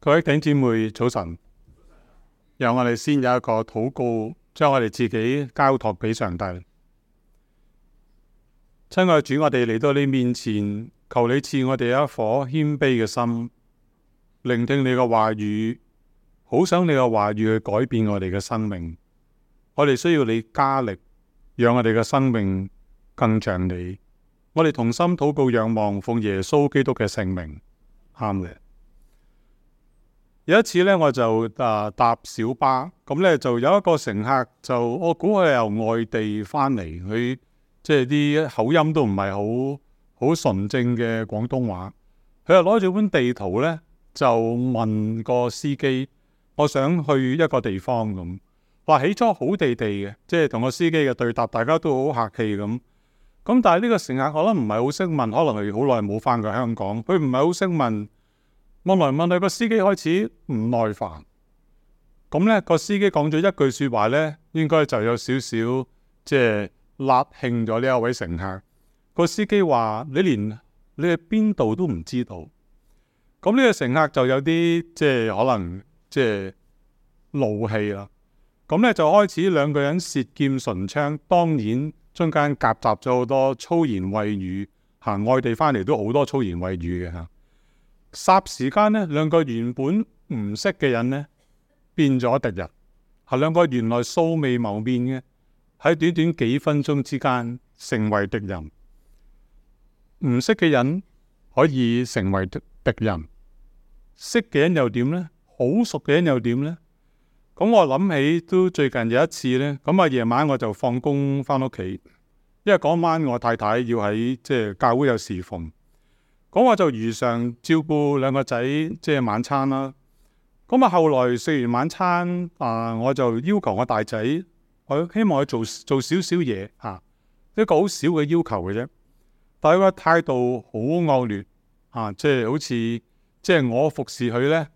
各位弟姊妹，早晨。讓我哋先有一個禱告，將我哋自己交託俾上帝。親愛主，我哋嚟到你面前，求你賜我哋一顆謙卑嘅心，聆聽你嘅話語，好想你嘅話語去改變我哋嘅生命。我哋需要你加力，讓我哋嘅生命更像你。我哋同心禱告，仰望奉耶穌基督嘅聖名，阿門。有一次咧，我就啊搭小巴，咁咧就有一個乘客，就我估佢係由外地翻嚟，佢即係啲口音都唔係好好純正嘅廣東話，佢又攞住本地圖咧，就問個司機，我想去一個地方咁。話起初好地地嘅，即係同個司機嘅對答，大家都好客氣咁。咁但係呢個乘客我覺得唔係好識問，可能係好耐冇翻過香港，佢唔係好識問。問來問去，個司機開始唔耐煩。咁咧，個司機講咗一句說話咧，應該就有少少即係辣慶咗呢一位乘客。個司機話：你連你係邊度都唔知道。咁呢個乘客就有啲即係可能即係怒氣啦。咁咧就開始兩個人舌劍唇槍，當然中間夾雜咗好多粗言穢語。行外地翻嚟都好多粗言穢語嘅吓。霎時間呢，兩個原本唔識嘅人呢，變咗敵人。係兩個原來素未謀面嘅，喺短短幾分鐘之間成為敵人。唔識嘅人可以成為敵人，識嘅人又點呢？好熟嘅人又點呢？咁、嗯、我諗起都最近有一次呢。咁啊，夜晚我就放工翻屋企，因為嗰晚我太太要喺即係教會有侍奉。咁我就如常照顧兩個仔，即係晚餐啦。咁啊，後來食完晚餐，啊，我就要求我大仔，我希望佢做做少少嘢嚇，一個好少嘅要求嘅啫。但係佢態度好惡劣啊，即係好似即係我服侍佢咧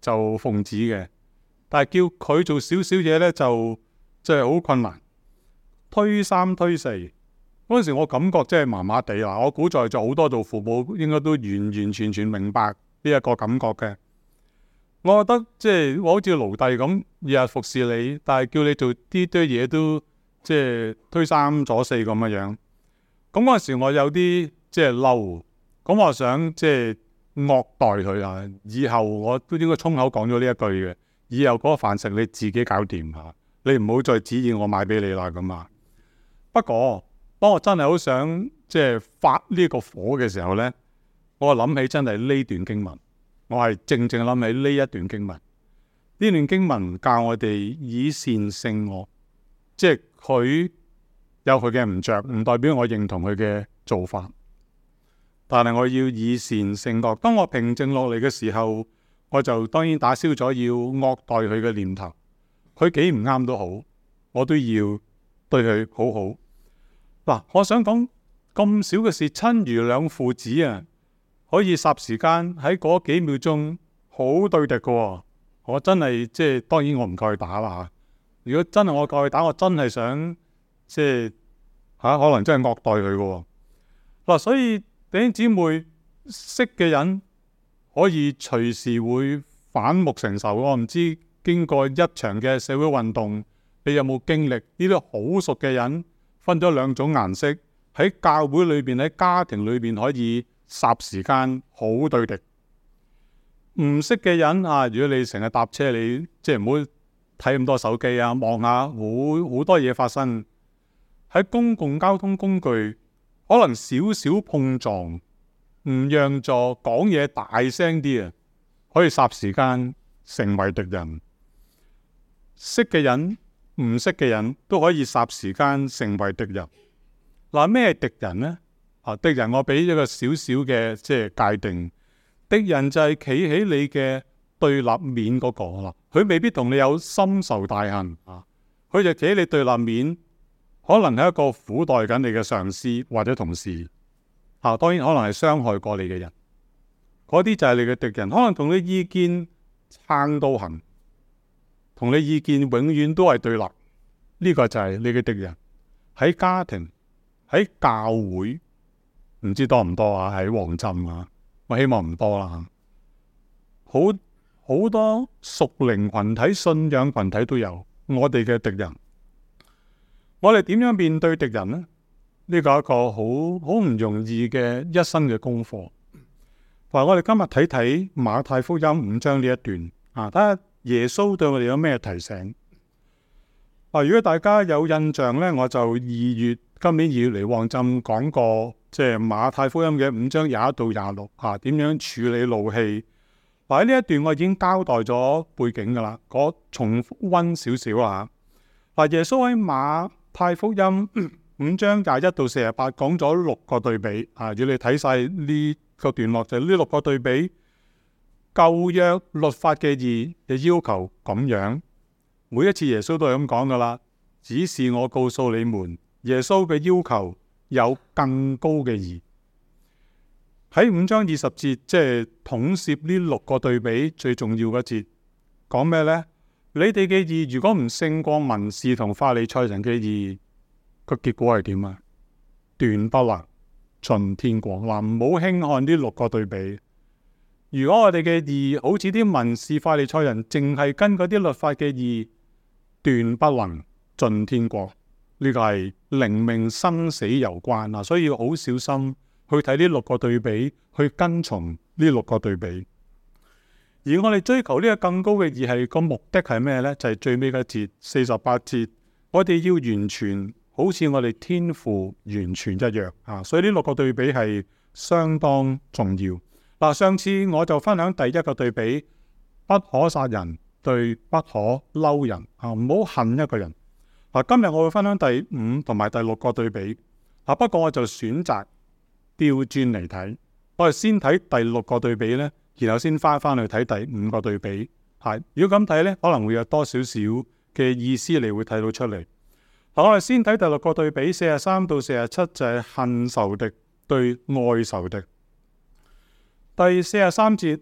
就奉旨嘅，但係叫佢做少少嘢咧就即係好困難，推三推四。嗰陣時我感覺真係麻麻地啦，我估在就好多做父母應該都完完全全明白呢一個感覺嘅。我覺得即係我好似奴隸咁日日服侍你，但係叫你做啲堆嘢都即係推三阻四咁嘅樣。咁嗰陣時我有啲即係嬲，咁我想即係惡待佢啊！以後我都應該衝口講咗呢一句嘅。以後嗰個飯食你自己搞掂吓，你唔好再指意我買俾你啦咁啊。不過，當我真係好想即係發呢個火嘅時候呢，我諗起真係呢段經文，我係正正諗起呢一段經文。呢段經文教我哋以善勝惡，即係佢有佢嘅唔着，唔代表我認同佢嘅做法。但係我要以善勝惡。當我平靜落嚟嘅時候，我就當然打消咗要惡待佢嘅念頭。佢幾唔啱都好，我都要對佢好好。嗱，我想講咁少嘅事，親如兩父子啊，可以霎時間喺嗰幾秒鐘好對敵嘅喎。我真係即係，當然我唔夠佢打啦吓。如果真係我夠佢打，我真係想即係吓、啊，可能真係惡待佢嘅喎。嗱，所以弟兄姊妹識嘅人可以隨時會反目成仇。我唔知經過一場嘅社會運動，你有冇經歷呢啲好熟嘅人？分咗兩種顏色，喺教會裏邊、喺家庭裏邊可以霎時間好對敵。唔識嘅人啊，如果你成日搭車，你即係唔好睇咁多手機啊，望下會好多嘢發生。喺公共交通工具，可能少少碰撞，唔讓座，講嘢大聲啲啊，可以霎時間成為敵人。識嘅人。唔識嘅人都可以霎時間成為敵人。嗱、啊，咩係敵人呢？啊，敵人我俾一個小小嘅即係界定，敵人就係企喺你嘅對立面嗰、嗰個啦。佢、啊、未必同你有深仇大恨啊，佢就企喺你對立面，可能係一個苦待緊你嘅上司或者同事。吓、啊，當然可能係傷害過你嘅人，嗰啲就係你嘅敵人，可能同你意見撐到行，同你意見永遠都係對立，呢個就係你嘅敵人。喺家庭、喺教會，唔知多唔多啊？喺旺浸啊，我希望唔多啦。好，好多屬靈群體、信仰群體都有我哋嘅敵人。我哋點樣面對敵人呢？呢個一個好好唔容易嘅一生嘅功課。同埋，我哋今日睇睇馬太福音五章呢一段啊，睇下。耶穌對我哋有咩提醒？嗱，如果大家有印象咧，我就二月今年二月嚟旺浸講過，即係馬太福音嘅五章廿一到廿六，啊，嚇點樣處理怒氣。嗱，喺呢一段，我已經交代咗背景噶啦，我重溫少少啊嚇。嗱，耶穌喺馬太福音五章廿一到四十八講咗六個對比。啊，如果你睇晒呢個段落，就呢六個對比。舊約律法嘅義就要求咁樣，每一次耶穌都係咁講噶啦。只是我告訴你們，耶穌嘅要求有更高嘅義。喺五章二十節，即係統攝呢六個對比最重要嘅節，講咩呢？你哋嘅義如果唔勝過文士同法利賽人嘅義，個結果係點啊？斷不能進天國。嗱，唔好輕看呢六個對比。如果我哋嘅義好似啲民事法利賽人，淨係跟嗰啲律法嘅義，斷不能進天國。呢個係靈命生死攸關啊！所以要好小心去睇呢六個對比，去跟從呢六個對比。而我哋追求呢個更高嘅義，係個目的係咩呢？就係、是、最尾嘅節四十八節，我哋要完全好似我哋天父完全一樣啊！所以呢六個對比係相當重要。嗱，上次我就分享第一個對比，不可殺人對不可嬲人啊，唔好恨一個人。嗱、啊，今日我會分享第五同埋第六個對比。嗱、啊，不過我就選擇調轉嚟睇，我係先睇第六個對比呢，然後先返返去睇第五個對比。係，如果咁睇呢，可能會有多少少嘅意思，你會睇到出嚟。嗱，我係先睇第六個對比，四十三到四十七就係恨仇敵對愛仇敵。第四十三節，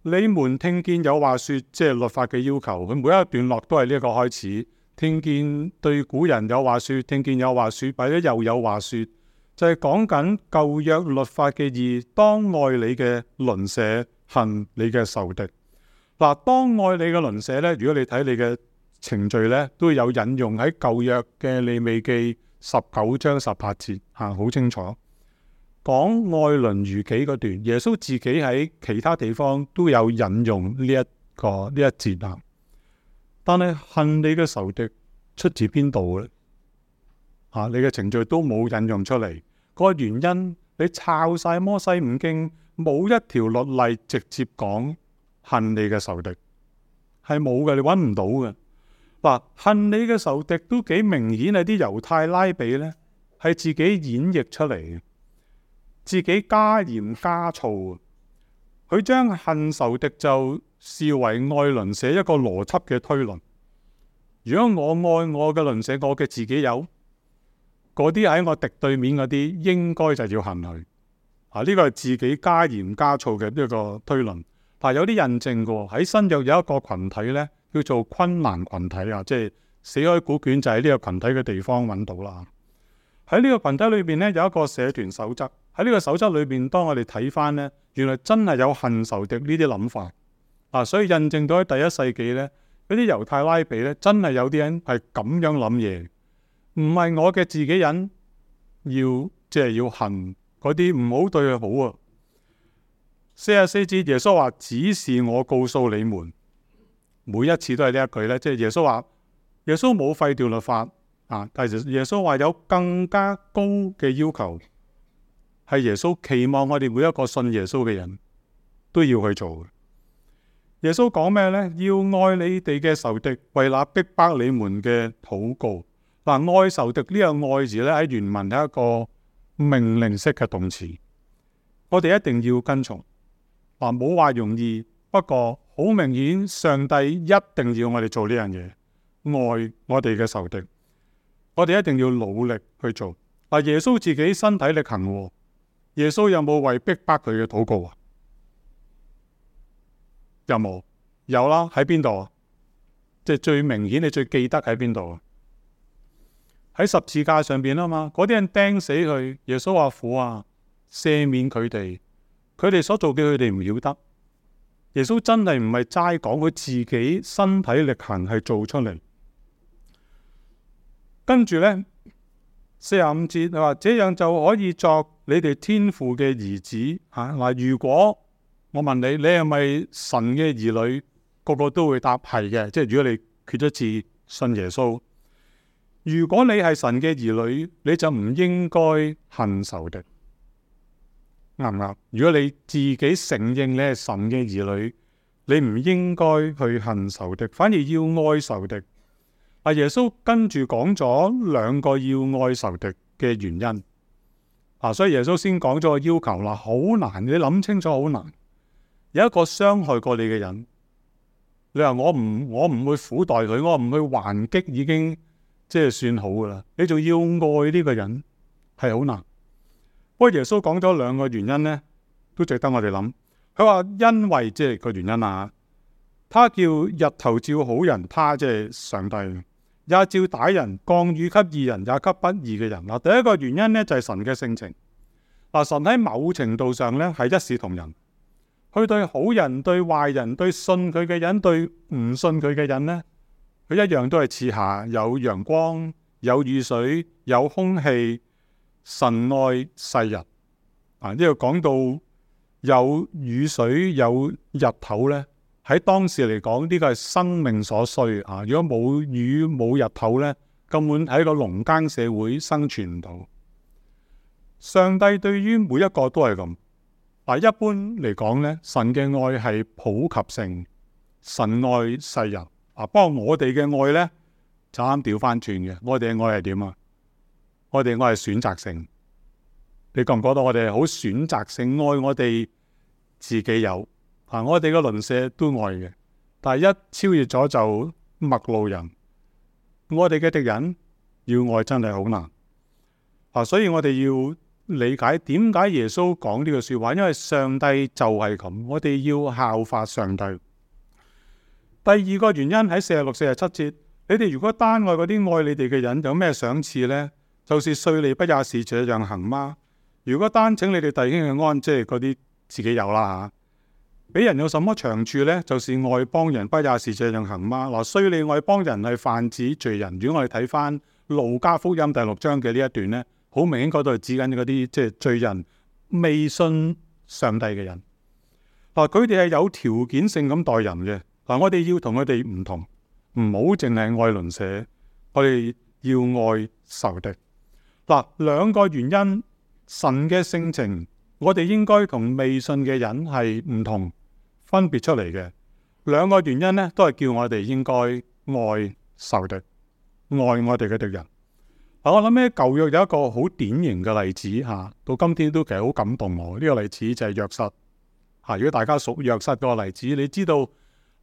你們聽見有話說，即係律法嘅要求，佢每一段落都係呢一個開始。聽見對古人有話說，聽見有話說，或者又有話說，就係、是、講緊舊約律法嘅義，當愛你嘅鄰舍，恨你嘅仇敵。嗱，當愛你嘅鄰舍咧，如果你睇你嘅程序咧，都會有引用喺舊約嘅利未記十九章十八節，吓，好清楚。講愛鄰如己嗰段，耶穌自己喺其他地方都有引用呢一個呢一節啊。但係恨你嘅仇敵出自邊度咧？啊，你嘅程序都冇引用出嚟個原因，你抄晒摩西五經，冇一條律例直接講恨你嘅仇敵係冇嘅，你搵唔到嘅嗱、啊。恨你嘅仇敵都幾明顯係啲猶太拉比呢，係自己演繹出嚟嘅。自己加鹽加醋，佢將恨仇敵就視為愛鄰舍一個邏輯嘅推論。如果我愛我嘅鄰舍，我嘅自己有嗰啲喺我敵對面嗰啲，應該就係要恨佢啊！呢、這個係自己加鹽加醋嘅呢個推論。但、啊、有啲印證喎，喺新約有一個群體呢，叫做昆蘭群體啊，即係死海古卷就喺呢個群體嘅地方揾到啦。喺呢個群體裏邊呢，有一個社團守則。喺呢個守則裏邊，當我哋睇翻咧，原來真係有恨仇敵呢啲諗法啊！所以印證到喺第一世紀咧，嗰啲猶太拉比咧，真係有啲人係咁樣諗嘢，唔係我嘅自己人，要即係要恨嗰啲，唔好對佢好啊！四十四節，耶穌話：只是我告訴你們，每一次都係呢一句咧，即係耶穌話，耶穌冇廢掉律法啊，但係耶穌話有更加高嘅要求。係耶穌期望我哋每一個信耶穌嘅人都要去做嘅。耶穌講咩呢？「要愛你哋嘅仇敵，為那逼迫你們嘅禱告。」嗱，愛仇敵呢個愛字呢，喺原文係一個命令式嘅動詞，我哋一定要跟從。嗱，冇話容易，不過好明顯，上帝一定要我哋做呢樣嘢，愛我哋嘅仇敵。我哋一定要努力去做。嗱，耶穌自己身體力行。耶穌有冇為逼迫佢嘅禱告啊？有冇？有啦，喺邊度？即係最明顯，你最記得喺邊度啊？喺十字架上邊啊嘛，嗰啲人釘死佢，耶穌話，父啊，赦免佢哋，佢哋所做嘅佢哋唔曉得。耶穌真係唔係齋講，佢自己身體力行係做出嚟。跟住呢。四十五節，佢話這樣就可以作你哋天父嘅兒子。吓、啊、嗱、啊，如果我問你，你係咪神嘅兒女？個個都會答係嘅。即係如果你決咗志信耶穌，如果你係神嘅兒女，你就唔應該恨仇敵，啱唔啱？如果你自己承認你係神嘅兒女，你唔應該去恨仇敵，反而要愛仇敵。阿耶穌跟住講咗兩個要愛仇敵嘅原因，啊，所以耶穌先講咗個要求啦，好難，你諗清楚好難。有一個傷害過你嘅人，你話我唔我唔會苦待佢，我唔去還擊已經，即係算好㗎喇。你仲要愛呢個人係好難。不、啊、過耶穌講咗兩個原因呢，都值得我哋諗。佢話因為即係個原因啊，他叫日頭照好人，他即係上帝。也照打人，降雨給義人，也給不義嘅人啦。第一個原因呢，就係神嘅性情。嗱，神喺某程度上呢，係一視同仁，佢對好人、對壞人、對信佢嘅人、對唔信佢嘅人呢，佢一樣都係賜下有陽光、有雨水、有空氣。神愛世人。啊，呢度講到有雨水、有日頭呢。喺當時嚟講，呢個係生命所需啊！如果冇雨冇日頭呢，根本喺個農耕社會生存唔到。上帝對於每一個都係咁。嗱、啊，一般嚟講呢，神嘅愛係普及性，神愛世人啊。不過我哋嘅愛呢，就啱調翻轉嘅，我哋嘅愛係點啊？我哋嘅愛係選擇性，你覺唔覺得我哋好選擇性愛我哋自己有？啊！我哋嘅鄰舍都愛嘅，但係一超越咗就陌路人。我哋嘅敵人要愛真係好難啊！所以我哋要理解點解耶穌講呢句說話，因為上帝就係咁，我哋要效法上帝。第二個原因喺四十六、四十七節，你哋如果單愛嗰啲愛你哋嘅人，有咩賞賜咧？就是稅吏不也是這樣行嗎？如果單請你哋弟兄嘅安，即係嗰啲自己有啦吓。啊比人有什麼長處呢？就是外邦人，不也是這樣行嗎？嗱，雖你外邦人係泛指罪人，如果我哋睇翻路加福音第六章嘅呢一段呢，好明顯嗰度指緊嗰啲即係罪人未信上帝嘅人。嗱，佢哋係有條件性咁待人嘅。嗱，我哋要同佢哋唔同，唔好淨係愛鄰舍，我哋要愛仇敵。嗱，兩個原因，神嘅性情，我哋應該同未信嘅人係唔同。分別出嚟嘅兩個原因咧，都係叫我哋應該愛仇敵，愛我哋嘅敵人。嗱，我諗咧舊約有一個好典型嘅例子吓、啊，到今天都其實好感動我。呢、啊這個例子就係約瑟。吓、啊，如果大家熟約瑟個例子，你知道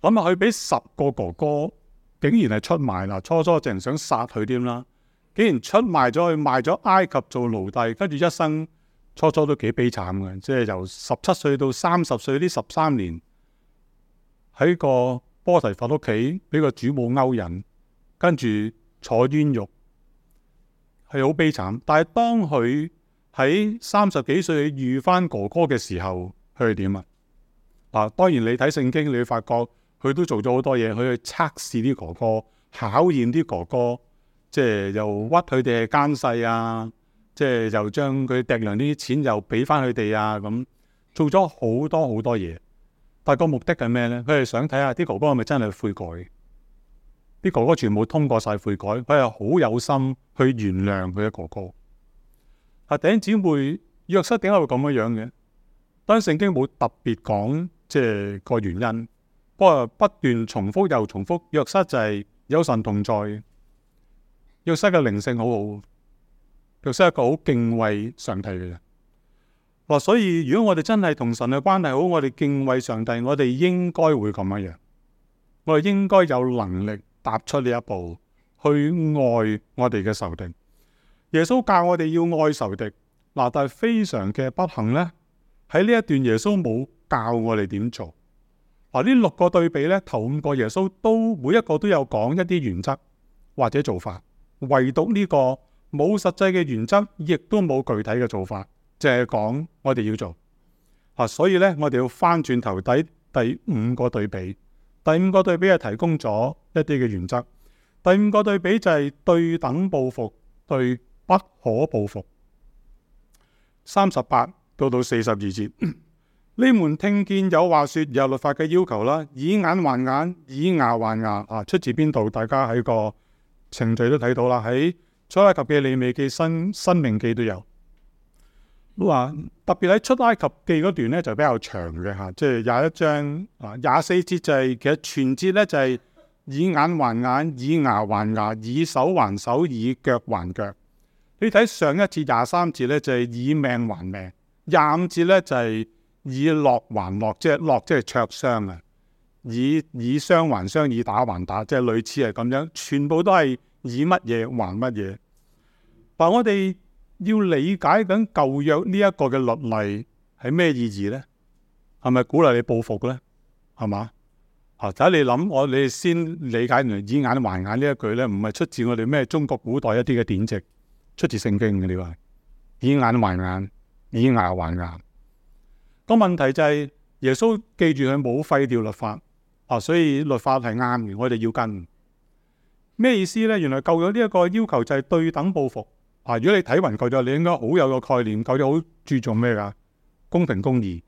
諗下佢俾十個哥哥竟然係出賣啦，初初淨係想殺佢添啦，竟然出賣咗去賣咗埃及做奴隸，跟住一生初初都幾悲慘嘅，即係由十七歲到三十歲呢十三年。喺個波提乏屋企俾個主母勾引，跟住坐冤獄，係好悲慘。但係當佢喺三十幾歲遇翻哥哥嘅時候，佢係點啊？嗱，當然你睇聖經，你會發覺佢都做咗好多嘢。佢去測試啲哥哥，考驗啲哥哥，即係又屈佢哋嘅奸細啊，即係又將佢掟糧啲錢又俾翻佢哋啊，咁做咗好多好多嘢。但係個目的係咩咧？佢係想睇下啲哥哥係咪真係悔改？啲哥哥全部通過晒悔改，佢係好有心去原諒佢嘅哥哥。阿、啊、頂姊妹約瑟點解會咁樣樣嘅？當聖經冇特別講即係個原因，不過不斷重複又重複，約瑟就係有神同在，約瑟嘅靈性好好，約瑟係一個好敬畏上帝嘅人。哇！所以如果我哋真係同神嘅關係好，我哋敬畏上帝，我哋應該會咁樣樣。我哋應該有能力踏出呢一步去愛我哋嘅仇敵。耶穌教我哋要愛仇敵，嗱，但係非常嘅不幸呢，喺呢一段耶穌冇教我哋點做。嗱，呢六個對比呢，頭五個耶穌都每一個都有講一啲原則或者做法，唯獨呢個冇實際嘅原則，亦都冇具體嘅做法。就係講我哋要做啊，所以咧，我哋要翻轉頭底第五個對比。第五個對比係提供咗一啲嘅原則。第五個對比就係對等報復對不可報復，三十八到到四十二節，呢 門聽見有話説有律法嘅要求啦，以眼還眼，以牙還牙啊！出自邊度？大家喺個程序都睇到啦，喺《出埃及記》、《利未記》、《申、申命記》都有。都特別喺出埃及記嗰段咧，就比較長嘅嚇，即係廿一章啊，廿四節就係其實全節咧，就係以眼還眼，以牙還牙，以手還手，以腳還腳。你睇上一節廿三節咧，就係以命還命，廿五節咧，就係以樂還樂，即係樂即係灼傷啊！以以傷還傷，以打還打，即係類似係咁樣，全部都係以乜嘢還乜嘢。但我哋。要理解緊舊約呢一個嘅律例係咩意義咧？係咪鼓勵你報復咧？係嘛？就、啊、睇你諗我，你先理解完以眼還眼呢一句咧，唔係出自我哋咩中國古代一啲嘅典籍，出自聖經嘅。你話以眼還眼，以牙還牙。個、嗯、問題就係、是、耶穌記住佢冇廢掉律法啊，所以律法係啱嘅，我哋要跟咩意思咧？原來舊約呢一個要求就係對等報復。嗱，如果你睇完舊約，你應該好有個概念。舊約好注重咩噶？公平公義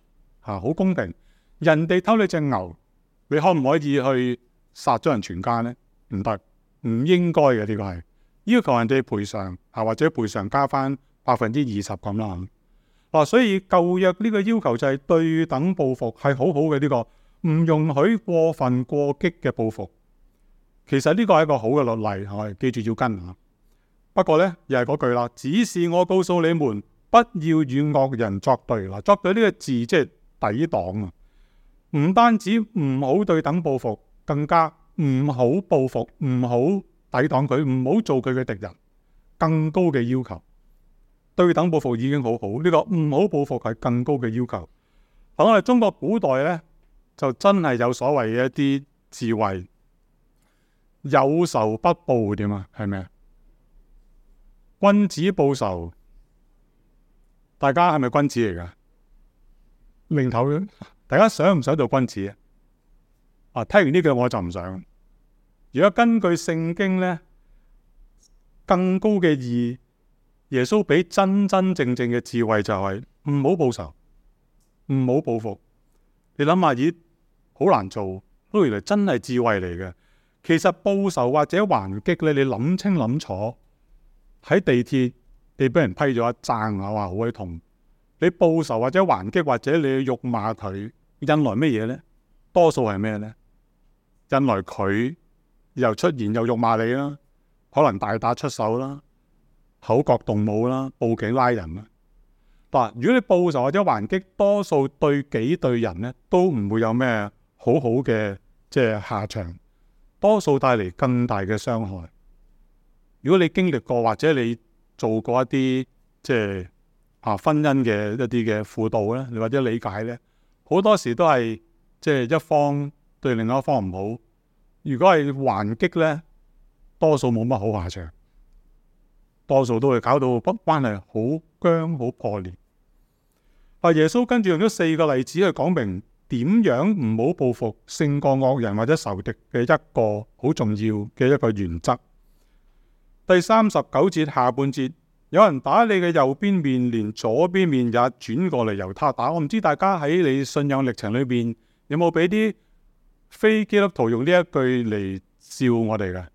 嚇，好、啊、公平。人哋偷你隻牛，你可唔可以去殺咗人全家呢？唔得，唔應該嘅，呢個係要求人哋賠償嚇，或者賠償加翻百分之二十咁啦。嗱、啊，所以舊約呢個要求就係對等報復，係好好嘅呢個，唔容許過分過激嘅報復。其實呢個係一個好嘅律例，係、啊、記住要跟下。不過咧，又係嗰句啦。只是我告訴你們，不要與惡人作對。嗱，作對呢個字即係抵擋啊！唔單止唔好對等報復，更加唔好報復，唔好抵擋佢，唔好做佢嘅敵人。更高嘅要求，對等報復已經好好，呢、呢個唔好報復係更高嘅要求。喺我哋中國古代咧，就真係有所謂嘅一啲智慧，有仇不報點啊？係咪啊？君子報仇，大家係咪君子嚟噶？零頭大家想唔想做君子啊？聽完呢句我就唔想。如果根據聖經呢更高嘅義，耶穌俾真真正正嘅智慧就係唔好報仇，唔好報復。你諗下，咦，好難做，不過原來嚟真係智慧嚟嘅。其實報仇或者還擊咧，你諗清諗楚。喺地鐵你俾人批咗一踭，我話好鬼痛。你報仇或者還擊或者你辱罵佢，引來咩嘢咧？多數係咩咧？引來佢又出言又辱罵你啦，可能大打出手啦，口角動武啦，報警拉人啦。嗱，如果你報仇或者還擊，多數對己對人咧都唔會有咩好好嘅即係下場，多數帶嚟更大嘅傷害。如果你經歷過或者你做過一啲即係啊婚姻嘅一啲嘅輔導咧，或者理解咧，好多時都係即係一方對另外一方唔好。如果係還擊咧，多數冇乜好下場，多數都會搞到關係好僵好破裂。啊！耶穌跟住用咗四個例子去講明點樣唔好報復勝過惡人或者仇敵嘅一個好重要嘅一個原則。第三十九節下半節，有人打你嘅右邊面，連左邊面也轉過嚟由他打。我唔知大家喺你信仰歷程裏邊，有冇俾啲非基督徒用呢一句嚟笑我哋嘅？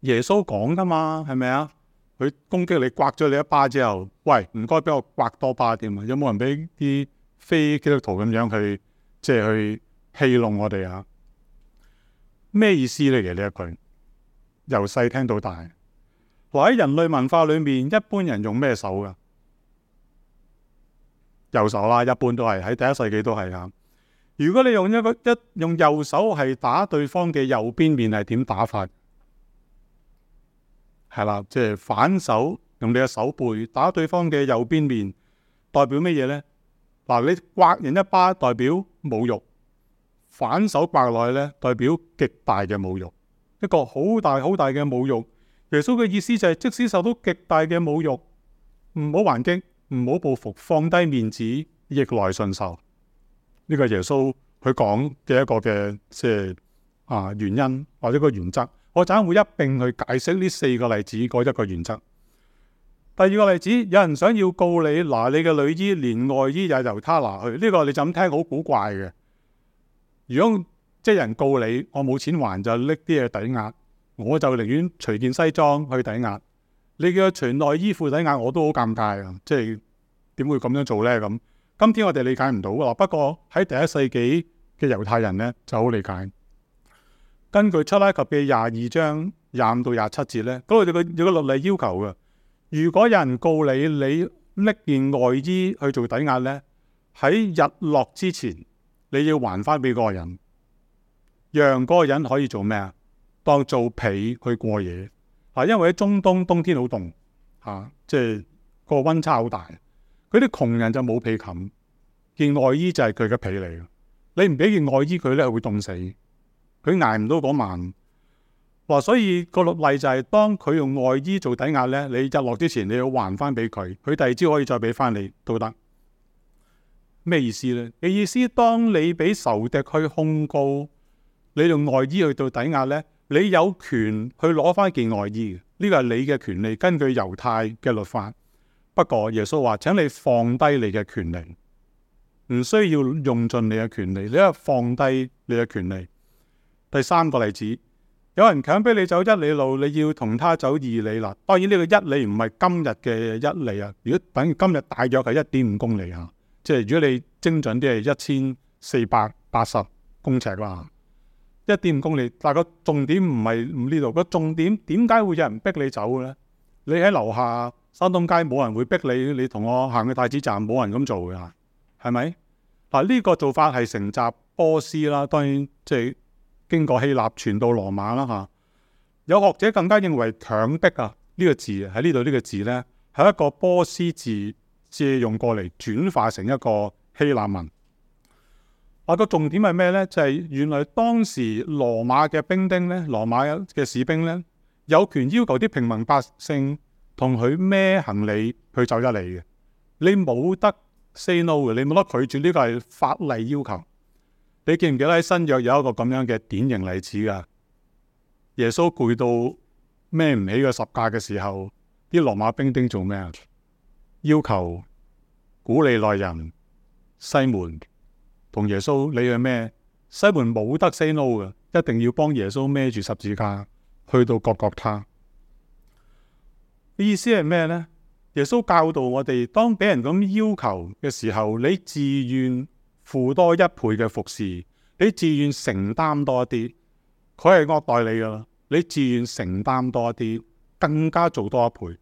耶穌講噶嘛，係咪啊？佢攻擊你，刮咗你一巴之後，喂，唔該俾我刮多巴添啊？有冇人俾啲非基督徒咁樣去，即係去戲弄我哋啊？咩意思嚟嘅呢一句？由細聽到大。喺人類文化裏面，一般人用咩手㗎？右手啦，一般都係喺第一世紀都係啊。如果你用一個一用右手係打對方嘅右邊面，係點打法？係啦，即係反手用你嘅手背打對方嘅右邊面，代表乜嘢呢？嗱，你刮人一巴代表侮辱，反手刮落去咧，代表極大嘅侮辱，一個好大好大嘅侮辱。耶穌嘅意思就係即使受到極大嘅侮辱，唔好還擊，唔好報復，放低面子，逆來順受。呢、這個耶穌佢講嘅一個嘅即係啊原因或者個原則，我陣間會一併去解釋呢四個例子個一個原則。第二個例子，有人想要告你，嗱你嘅裡衣連外衣也由他拿去。呢、這個你就咁聽好古怪嘅。如果即係、就是、人告你，我冇錢還就拎啲嘢抵押。我就寧願除件西裝去抵押，你叫佢除內衣褲抵押我都好尷尬啊！即係點會咁樣做呢？咁今天我哋理解唔到嗱，不過喺第一世紀嘅猶太人呢，就好理解。根據出埃及嘅廿二章廿五到廿七節呢，嗰度有個有個律例要求嘅。如果有人告你，你搦件外衣去做抵押呢，喺日落之前你要還翻俾嗰個人，讓嗰個人可以做咩啊？當做被去過夜嗱、啊，因為喺中東冬天好凍嚇，即係個溫差好大。嗰啲窮人就冇被冚，件外衣就係佢嘅被嚟。你唔俾件外衣佢咧，佢會凍死，佢捱唔到嗰晚嗱、啊。所以、那個例就係、是、當佢用外衣做抵押咧，你日落之前你要還翻俾佢，佢第二朝可以再俾翻你都得。咩意思咧？你意思，當你俾仇敵去控告你用外衣去做抵押咧。你有權去攞翻件外衣呢、呢個係你嘅權利，根據猶太嘅律法。不過耶穌話，請你放低你嘅權利，唔需要用盡你嘅權利，你一放低你嘅權利。第三個例子，有人強迫你走一里路，你要同他走二里啦。當然呢個一里唔係今日嘅一里啊，如果等於今日大約係一點五公里啊，即係如果你精準啲係一千四百八十公尺啦。一點五公里，但係個重點唔係唔呢度，個重點點解會有人逼你走嘅咧？你喺樓下山東街冇人會逼你，你同我行去太子站冇人咁做㗎，係咪？嗱、啊、呢、呢個做法係承襲波斯啦，當然即係經過希臘傳到羅馬啦嚇、啊。有學者更加認為強迫啊呢個字喺呢度呢個字咧係一個波斯字借用過嚟轉化成一個希臘文。我個、啊、重點係咩呢？就係、是、原來當時羅馬嘅兵丁呢，羅馬嘅士兵呢，有權要求啲平民百姓同佢孭行李去走一里嘅。你冇得 say no 嘅，你冇得拒絕，呢個係法例要求。你記唔記得喺新約有一個咁樣嘅典型例子噶？耶穌攰到孭唔起個十架嘅時候，啲羅馬兵丁做咩啊？要求古利奈人西門。同耶穌，你係咩？西門冇得 say no 嘅，一定要幫耶穌孭住十字架去到各各他。意思係咩呢？耶穌教導我哋，當俾人咁要求嘅時候，你自願付多一倍嘅服侍，你自願承擔多一啲。佢係惡待你噶啦，你自願承擔多一啲，更加做多一倍。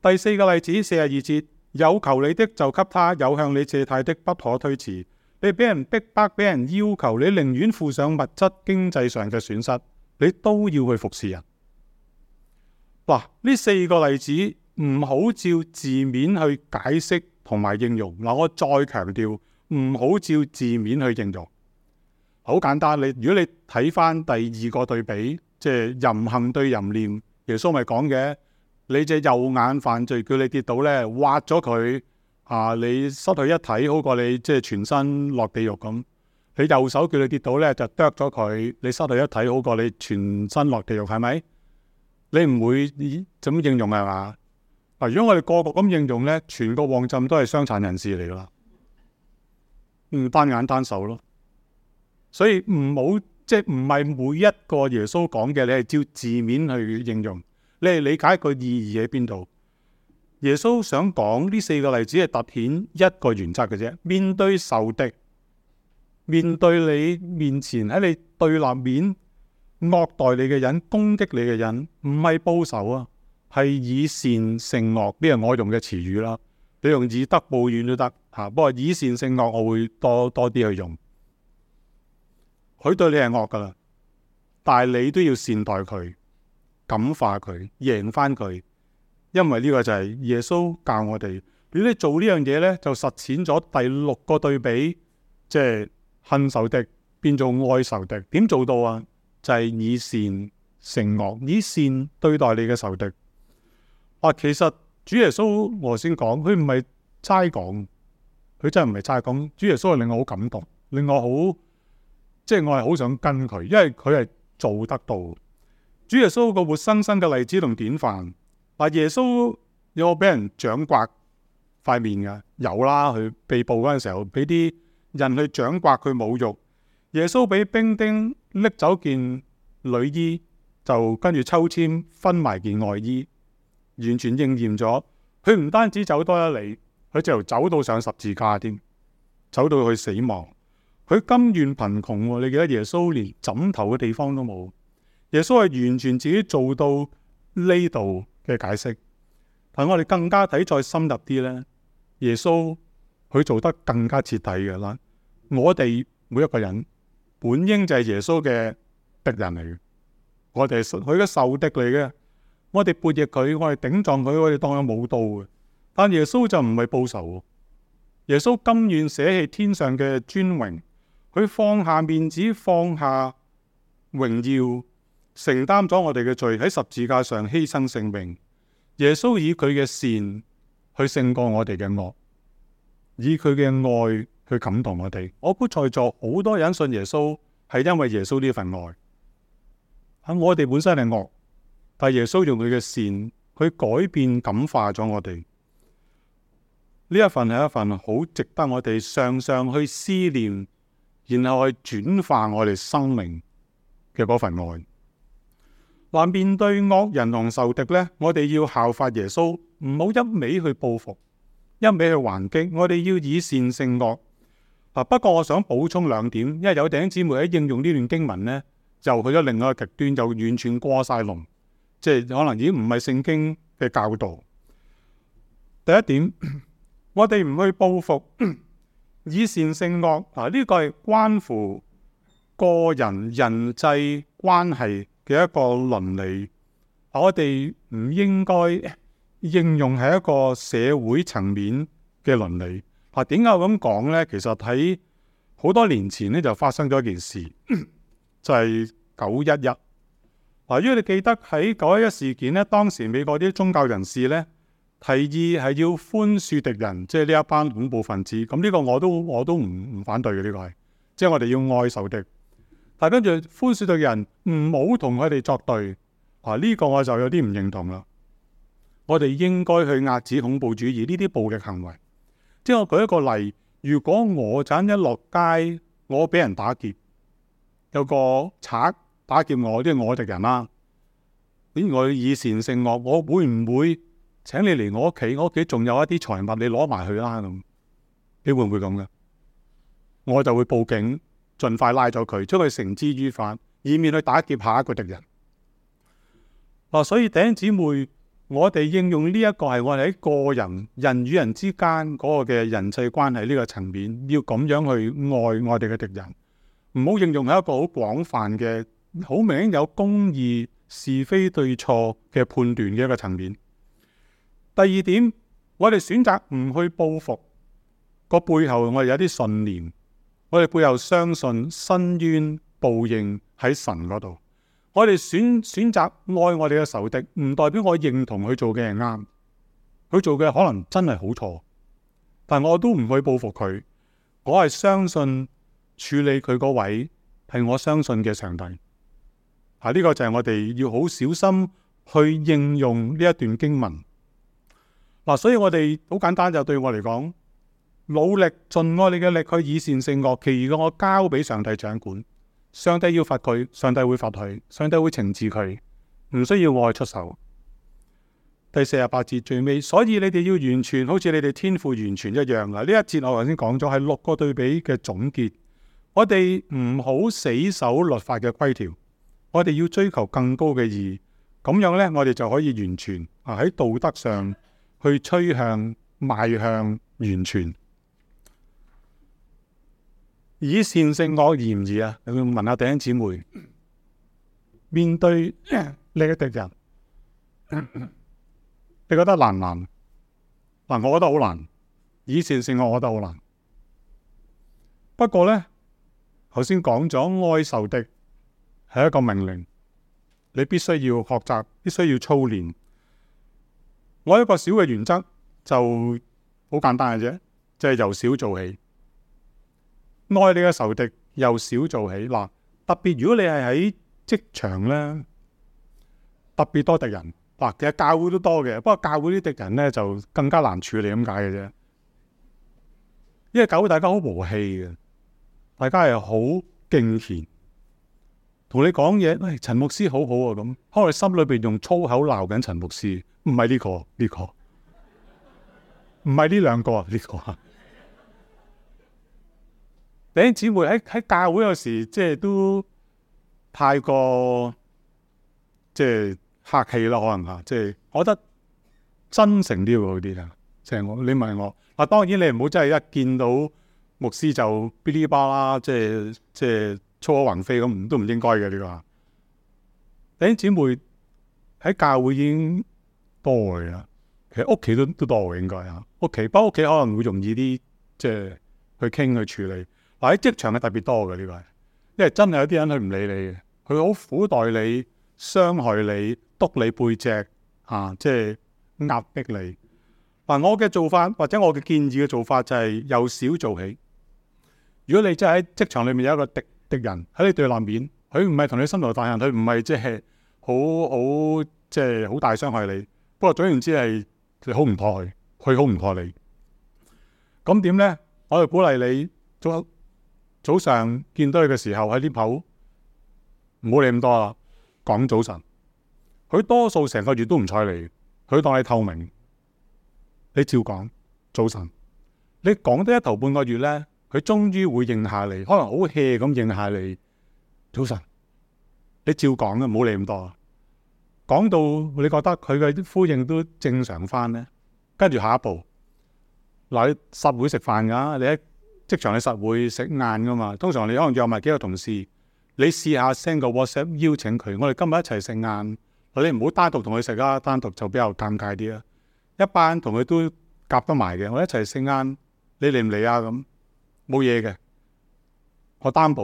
第四個例子，四十二節，有求你的就給他，有向你借貸的不可推辭。你俾人逼迫，迫，俾人要求，你寧願負上物質經濟上嘅損失，你都要去服侍人。嗱，呢四個例子唔好照字面去解釋同埋應用。嗱，我再強調，唔好照字面去應用。好簡單，你如果你睇翻第二個對比，即係淫行對淫念，耶穌咪講嘅，你隻右眼犯罪，叫你跌倒呢，挖咗佢。啊！你失去一體好過你即係全身落地獄咁。你右手叫你跌倒咧，就剁咗佢。你失去一體好過你全身落地獄，係咪？你唔會點應用係嘛？嗱、啊，如果我哋個個咁應用咧，全個旺浸都係傷殘人士嚟噶啦。嗯，單眼單手咯。所以唔好即係唔係每一個耶穌講嘅，你係照字面去應用，你係理解佢意義喺邊度？耶穌想講呢四個例子係突顯一個原則嘅啫。面對仇敵，面對你面前喺你對立面，惡待你嘅人，攻擊你嘅人，唔係報仇啊，係以善勝惡。呢人我用嘅詞語啦，你用以德報怨都得吓，不過以善勝惡我會多多啲去用。佢對你係惡噶啦，但係你都要善待佢，感化佢，贏翻佢。因為呢個就係耶穌教我哋，如果你做呢樣嘢呢，就實踐咗第六個對比，即係恨仇敵變做愛仇敵。點做到啊？就係以善勝惡，以善對待你嘅仇敵。啊，其實主耶穌我先講，佢唔係齋講，佢真係唔係齋講。主耶穌係令我好感動，令我好，即係我係好想跟佢，因為佢係做得到。主耶穌個活生生嘅例子同典範。話耶穌有冇俾人掌摑塊面㗎？有啦。佢被捕嗰陣時候，俾啲人去掌摑佢侮辱。耶穌俾兵丁拎走件女衣，就跟住抽籤分埋件外衣，完全應驗咗。佢唔單止走多一里，佢就走到上十字架添，走到去死亡。佢甘願貧窮，你記得耶穌連枕頭嘅地方都冇。耶穌係完全自己做到呢度。嘅解釋，但我哋更加睇再深入啲咧，耶穌佢做得更加徹底嘅啦。我哋每一個人本應就係耶穌嘅敵人嚟嘅，我哋係佢嘅仇敵嚟嘅，我哋背逆佢，我哋頂撞佢，我哋當咗冇道嘅。但耶穌就唔係報仇，耶穌甘願捨棄天上嘅尊榮，佢放下面子，放下榮耀。承擔咗我哋嘅罪，喺十字架上犧牲性命，耶穌以佢嘅善去勝過我哋嘅惡，以佢嘅愛去感動我哋。我估在座好多人信耶穌係因為耶穌呢份愛。啊，我哋本身係惡，但耶穌用佢嘅善去改變、感化咗我哋。呢一份係一份好值得我哋常常去思念，然後去轉化我哋生命嘅嗰份愛。話面對惡人同仇敵呢，我哋要效法耶穌，唔好一味去報復，一味去還擊。我哋要以善勝惡。嗱，不過我想補充兩點，因為有弟兄姊妹喺應用呢段經文呢，就去咗另外一個極端，就完全過晒龍，即係可能已經唔係聖經嘅教導。第一點，我哋唔去報復，以善勝惡。嗱，呢個係關乎個人人際關係。嘅一個倫理，我哋唔應該應用喺一個社會層面嘅倫理。啊，點解咁講咧？其實喺好多年前咧就發生咗一件事，就係九一一。嗱、啊，如果你記得喺九一一事件咧，當時美國啲宗教人士咧提議係要寬恕敵人，即係呢一班恐怖分子。咁、這、呢個我都我都唔唔反對嘅，呢、這個係即係我哋要愛仇敵。但跟住寬恕對人，唔好同佢哋作對。啊，呢、這個我就有啲唔認同啦。我哋應該去遏止恐怖主義呢啲暴力行為。即係我舉一個例，如果我陣一落街，我俾人打劫，有個賊打劫我，即係我敵人啦。咦、啊，我以善勝惡，我會唔會請你嚟我屋企？我屋企仲有一啲財物，你攞埋去啦咁。你會唔會咁嘅？我就會報警。盡快拉咗佢出去，繩之於法，以免去打劫下一個敵人。所以頂姊妹，我哋應用呢一個係我哋喺個人人與人之間嗰個嘅人際關係呢個層面，要咁樣去愛我哋嘅敵人，唔好應用喺一個好廣泛嘅好明顯有公義是非對錯嘅判斷嘅一個層面。第二點，我哋選擇唔去報復，個背後我哋有啲信念。我哋背後相信，伸冤報應喺神嗰度。我哋選選擇愛我哋嘅仇敵，唔代表我認同佢做嘅係啱。佢做嘅可能真係好錯，但我都唔會報復佢。我係相信處理佢嗰位係我相信嘅上帝。啊，呢、這個就係我哋要好小心去應用呢一段經文。嗱、啊，所以我哋好簡單就對我嚟講。努力盡愛你嘅力去以善勝惡，其餘嘅我交俾上帝掌管。上帝要罰佢，上帝會罰佢，上帝會懲治佢，唔需要我去出手。第四十八節最尾，所以你哋要完全，好似你哋天父完全一樣啊！呢一節我頭先講咗，係六個對比嘅總結。我哋唔好死守律法嘅規條，我哋要追求更高嘅義，咁樣呢，我哋就可以完全啊，喺道德上去趨向邁向完全。以善勝惡易唔易啊？你去問下弟兄姊妹，面對呢一敵人， 你覺得難唔難？嗱，我覺得好難。以善勝惡，我覺得好難。不過呢，頭先講咗愛仇敵的係一個命令，你必須要學習，必須要操練。我一個小嘅原則就好簡單嘅啫，就係、係、由小做起。愛你嘅仇敵又少做起，嗱，特別如果你係喺職場呢，特別多敵人，嗱，其實教會都多嘅，不過教會啲敵人呢就更加難處理咁解嘅啫。因為教會大家好和氣嘅，大家係好敬虔，同你講嘢，哎，陳牧師好好啊咁，可能心裏邊用粗口鬧緊陳牧師，唔係呢個呢個，唔係呢兩個呢個。弟兄姊妹喺喺教會有時即係都太過即係客氣啦，可能吓，即係我覺得真誠啲會好啲啦。即係我，你問我啊，當然你唔好真係一見到牧師就嗶哩吧啦，即係即係粗口橫飛咁，都唔應該嘅。呢你話，弟兄姊妹喺教會已經多嘅啦，其實屋企都都多嘅應該吓，屋企不過屋企可能會容易啲，即係去傾去處理。或喺職場嘅特別多嘅呢、呢個，因為真係有啲人佢唔理你嘅，佢好苦待你、傷害你、督你背脊啊，即係壓迫你。嗱、啊，我嘅做法或者我嘅建議嘅做法就係由少做起。如果你真係喺職場裏面有一個敵敵人喺你對立面，面，佢唔係同你深仇大恨，佢唔係即係好好即係好大傷害你。不過總言之係佢好唔妥佢，佢好唔妥你。咁點咧？我哋鼓勵你做。早上見到佢嘅時候喺呢步，唔好理咁多啊，講早晨。佢多數成個月都唔睬你，佢當你透明，你照講早晨。你講得一頭半個月呢，佢終於會應下你，可能好 hea 咁應下你早晨。你照講啊，唔好理咁多。講到你覺得佢嘅呼應都正常返呢，跟住下一步嗱，你實會食飯㗎，你職場你實會食晏噶嘛？通常你可能約埋幾個同事，你試下 send 個 WhatsApp 邀請佢，我哋今日一齊食晏。你唔好單獨同佢食啦，單獨就比較尷尬啲啦。一班同佢都夾得埋嘅，我一齊食晏，你嚟唔嚟啊？咁冇嘢嘅，我擔保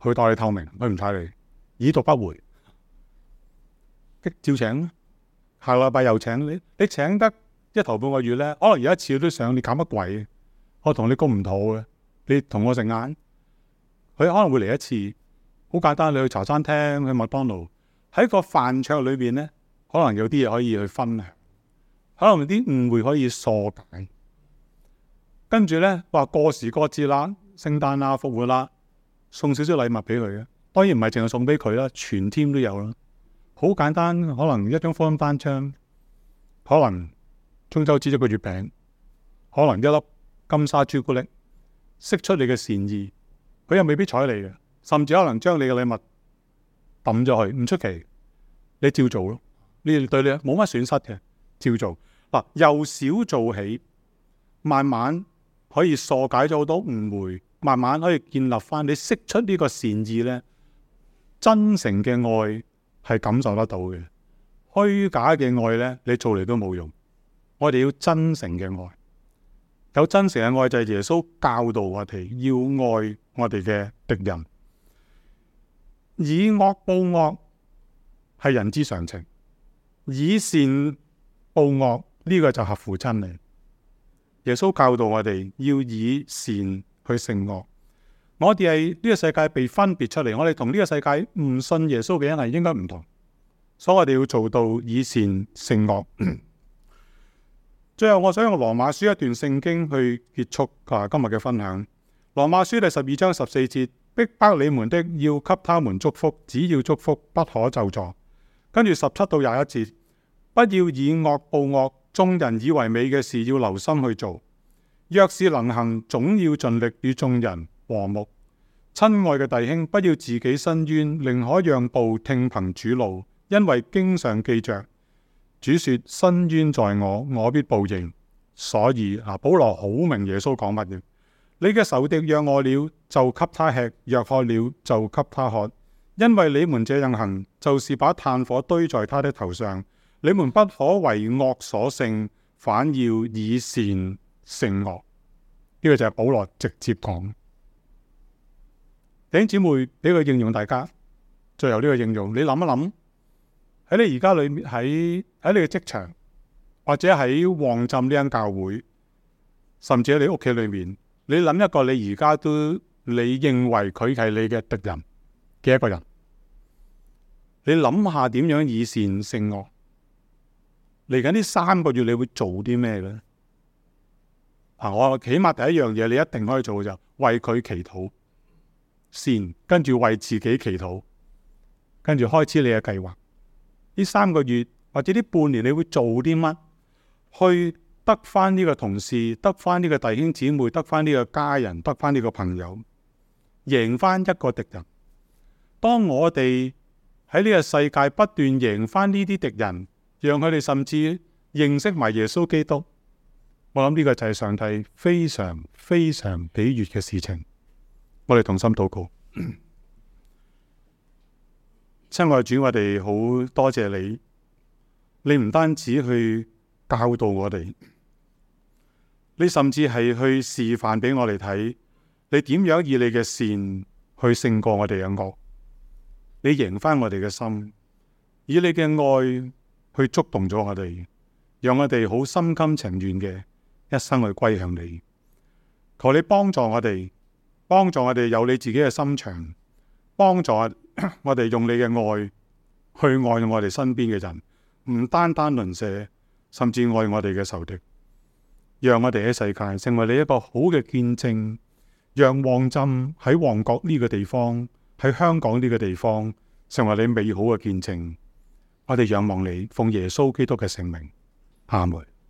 佢當你透明，佢唔睬你，已讀不回。即照請，下個禮拜又請你，你請得一頭半個月咧，可能有一次都想，你搞乜鬼？我同你講唔妥嘅。你同我食晏，佢可能會嚟一次。好簡單，你去茶餐廳、去麥當勞，喺個飯桌裏邊呢，可能有啲嘢可以去分享，可能啲誤會可以疏解。跟住呢，話過時過節啦，聖誕啦、復活啦，送少少禮物俾佢嘅。當然唔係淨係送俾佢啦，全天都有啦。好簡單，可能一張方單張，可能中秋節一個月餅，可能一粒金莎朱古力。釋出你嘅善意，佢又未必睬你嘅，甚至可能將你嘅禮物抌咗去，唔出奇。你照做咯，你對你冇乜損失嘅，照做。嗱，由少做起，慢慢可以疏解咗好多誤會，慢慢可以建立翻。你釋出呢個善意呢，真誠嘅愛係感受得到嘅，虛假嘅愛呢，你做嚟都冇用。我哋要真誠嘅愛。有真誠嘅愛就係耶穌教導我哋要愛我哋嘅敵人，以惡報惡係人之常情，以善報惡呢個就合乎真理。耶穌教導我哋要以善去勝惡。我哋係呢個世界被分別出嚟，我哋同呢個世界唔信耶穌嘅人係應該唔同，所以我哋要做到以善勝惡。最後我想用羅馬書一段聖經去結束今日嘅分享。羅馬書第十二章十四節，逼迫你們的要給他們祝福，只要祝福，不可咒詛。跟住十七到廿一節，不要以惡報惡，眾人以為美嘅事要留心去做。若是能行，總要盡力與眾人和睦。親愛嘅弟兄，不要自己伸冤，寧可讓步聽憑主怒，因為經常記着，主說：伸冤在我，我必報應。所以嗱，保羅好明耶穌講乜嘢？「你嘅仇敵若餓了，就給他吃；若渴了，就給他喝。因為你們這樣行，就是把炭火堆在他的頭上。你們不可為惡所勝，反要以善勝惡。呢、這個就係保羅直接講。弟兄姐妹，俾個應用大家，最後呢個應用，你諗一諗。喺你而家裏面，喺喺你嘅職場，或者喺旺浸呢間教會，甚至喺你屋企裏面，你諗一個你而家都你認為佢係你嘅敵人嘅一個人，你諗下點樣以善勝惡？嚟緊呢三個月你會做啲咩咧？嗱、啊，我起碼第一樣嘢你一定可以做嘅，就為佢祈禱先，跟住為自己祈禱，跟住開始你嘅計劃。呢三個月或者呢半年，你會做啲乜？去得翻呢個同事，得翻呢個弟兄姊妹，得翻呢個家人，得翻呢個朋友，贏翻一個敵人。當我哋喺呢個世界不斷贏翻呢啲敵人，讓佢哋甚至認識埋耶穌基督，我諗呢個就係上帝非常非常喜悅嘅事情。我哋同心禱告。 親愛的主，我哋好多謝你。你唔單止去教導我哋，你甚至係去示範俾我哋睇，你點樣以你嘅善去勝過我哋嘅惡，你贏翻我哋嘅心，以你嘅愛去觸動咗我哋，讓我哋好心甘情願嘅一生去歸向你。求你幫助我哋，幫助我哋有你自己嘅心腸，幫助。幫助我哋用你嘅愛去愛我哋身邊嘅人，唔單單鄰舍，甚至愛我哋嘅仇敵，讓我哋喺世界成為你一個好嘅見證，讓旺浸喺旺角呢個地方，喺香港呢個地方，成為你美好嘅見證。我哋仰望你，奉耶穌基督嘅聖名，阿門。